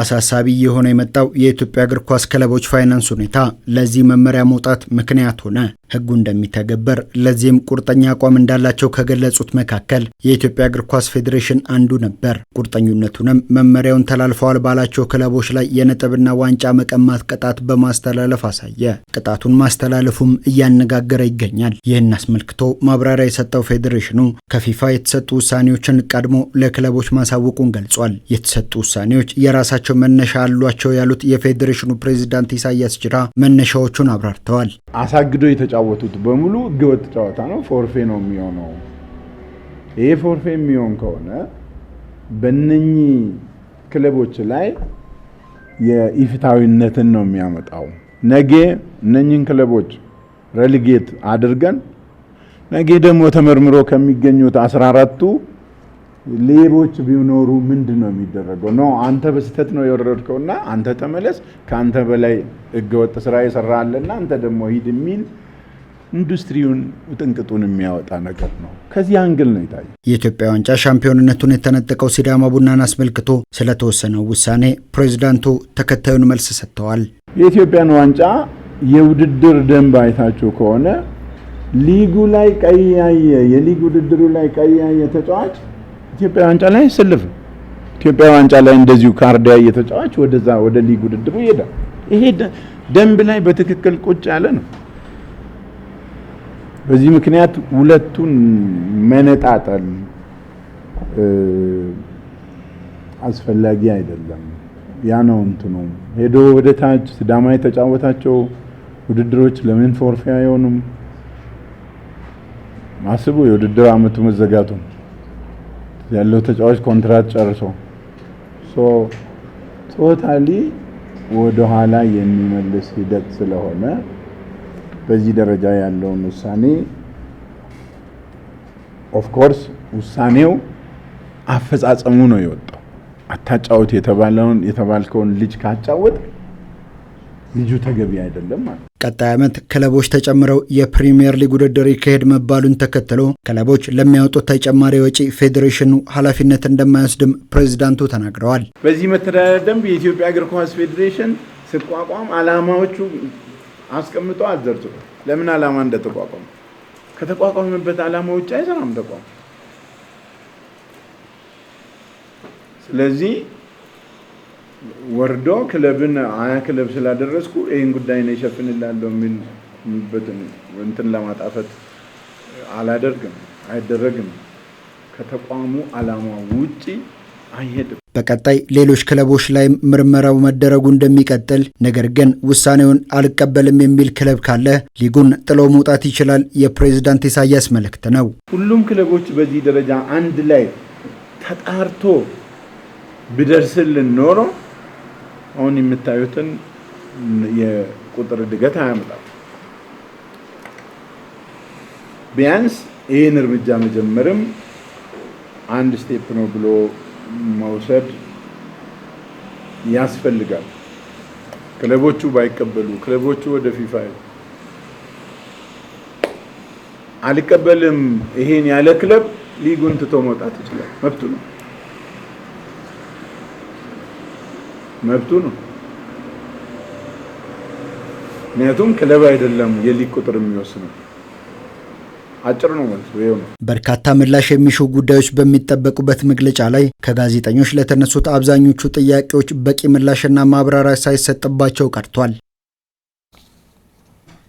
አሳሳቢ እየሆነ የመጣው የኢትዮጵያ እግር ኳስ ክለቦች ፋይናንስ ሁኔታ ለዚህ መመሪያ መውጣት ምክንያት ሆነ። ህጉ እንደሚተገበር ለዚህም ቁርጠኛ አቋም እንዳላቸው ከገለጹት መካከል የኢትዮጵያ እግር ኳስ ፌዴሬሽን አንዱ ነበር። ቁርጠኝነቱንም መመሪያውን ተላልፈዋል ባላቸው ክለቦች ላይ የነጥብና ዋንጫ መቀማት ቅጣት በማስተላለፍ አሳየ። ቅጣቱን ማስተላለፉም እያነጋገረ ይገኛል። ይህን አስመልክቶ ማብራሪያ የሰጠው ፌዴሬሽኑ ከፊፋ የተሰጡ ውሳኔዎችን ቀድሞ ለክለቦች ማሳወቁን ገልጿል። የተሰጡ ውሳኔዎች የራሳቸው መነሻ አሏቸው ያሉት የፌዴሬሽኑ ፕሬዚዳንት ኢሳያስ ጅራ መነሻዎቹን አብራርተዋል። አሳግዶ የሚጫወቱት በሙሉ ህገወጥ ጨዋታ ነው። ፎርፌ ነው የሚሆነው። ይሄ ፎርፌ የሚሆን ከሆነ በእነኚህ ክለቦች ላይ የኢፍታዊነትን ነው የሚያመጣው። ነገ እነኚህን ክለቦች ረልጌት አድርገን ነገ ደግሞ ተመርምሮ ከሚገኙት አስራ አራቱ ሌቦች ቢኖሩ ምንድን ነው የሚደረገው? ነው አንተ በስህተት ነው የወረድከውና አንተ ተመለስ፣ ከአንተ በላይ ህገወጥ ስራ የሰራ አለና አንተ ደግሞ ሂድ የሚል ኢንዱስትሪውን ውጥንቅጡን የሚያወጣ ነገር ነው። ከዚህ አንግል ነው የታየ። የኢትዮጵያ ዋንጫ ሻምፒዮንነቱን የተነጠቀው ሲዳማ ቡናን አስመልክቶ ስለተወሰነው ውሳኔ ፕሬዚዳንቱ ተከታዩን መልስ ሰጥተዋል። የኢትዮጵያን ዋንጫ የውድድር ደንብ አይታችሁ ከሆነ ሊጉ ላይ ቀያየ የሊግ ውድድሩ ላይ ቀያየ ተጫዋች ኢትዮጵያ ዋንጫ ላይ ስልፍ ኢትዮጵያ ዋንጫ ላይ እንደዚሁ ካርድ ያየ ተጫዋች ወደዛ ወደ ሊግ ውድድሩ ይሄዳል። ይሄ ደንብ ላይ በትክክል ቁጭ ያለ ነው። በዚህ ምክንያት ሁለቱን መነጣጠል አስፈላጊ አይደለም። ያ ነው እንትኑ ሄዶ ወደ ታች ሲዳማ የተጫወታቸው ውድድሮች ለምን ፎርፌ አይሆኑም? አስቡ። የውድድር አመቱ መዘጋቱ ያለው ተጫዋች ኮንትራት ጨርሶ ሶ ቶታሊ ወደ ኋላ የሚመልስ ሂደት ስለሆነ በዚህ ደረጃ ያለውን ውሳኔ ኦፍኮርስ ውሳኔው አፈጻጸሙ ነው የወጣው። አታጫወት የተባለውን የተባልከውን ልጅ ካጫወት ልጁ ተገቢ አይደለም ማለት ቀጣይ ዓመት ክለቦች ተጨምረው የፕሪምየር ሊግ ውድድር ይካሄድ መባሉን ተከትሎ ክለቦች ለሚያወጡት ተጨማሪ ወጪ ፌዴሬሽኑ ኃላፊነት እንደማይወስድም ፕሬዚዳንቱ ተናግረዋል። በዚህ መተዳደሪያ ደንብ የኢትዮጵያ እግር ኳስ ፌዴሬሽን ስቋቋም ዓላማዎቹ አስቀምጦ አዘርዝሮ ለምን ዓላማ እንደተቋቋመ ከተቋቋመበት ዓላማ ውጭ አይሰራም ተቋም። ስለዚህ ወርዶ ክለብን አያ ክለብ ስላደረስኩ ይህን ጉዳይ ነው ይሸፍንላለሁ የሚልበትን እንትን ለማጣፈት አላደርግም፣ አይደረግም። ከተቋሙ ዓላማ ውጪ አይሄድም። በቀጣይ ሌሎች ክለቦች ላይ ምርመራው መደረጉ እንደሚቀጥል፣ ነገር ግን ውሳኔውን አልቀበልም የሚል ክለብ ካለ ሊጉን ጥለው መውጣት ይችላል የፕሬዝዳንት ኢሳያስ መልእክት ነው። ሁሉም ክለቦች በዚህ ደረጃ አንድ ላይ ተጣርቶ ቢደርስልን ኖሮ አሁን የምታዩትን የቁጥር እድገት አያመጣም። ቢያንስ ይህን እርምጃ መጀመርም አንድ ስቴፕ ነው ብሎ መውሰድ ያስፈልጋል። ክለቦቹ ባይቀበሉ ክለቦቹ ወደ ፊፋ አልቀበልም ይሄን ያለ ክለብ ሊጉን ትቶ መውጣት ይችላል። መብቱ ነው፣ መብቱ ነው። ምክንያቱም ክለብ አይደለም የሊግ ቁጥር የሚወስነው። አጭር ነው መልሱ ይኸው ነው። በርካታ ምላሽ የሚሹ ጉዳዮች በሚጠበቁበት መግለጫ ላይ ከጋዜጠኞች ለተነሱት አብዛኞቹ ጥያቄዎች በቂ ምላሽና ማብራሪያ ሳይሰጥባቸው ቀርቷል።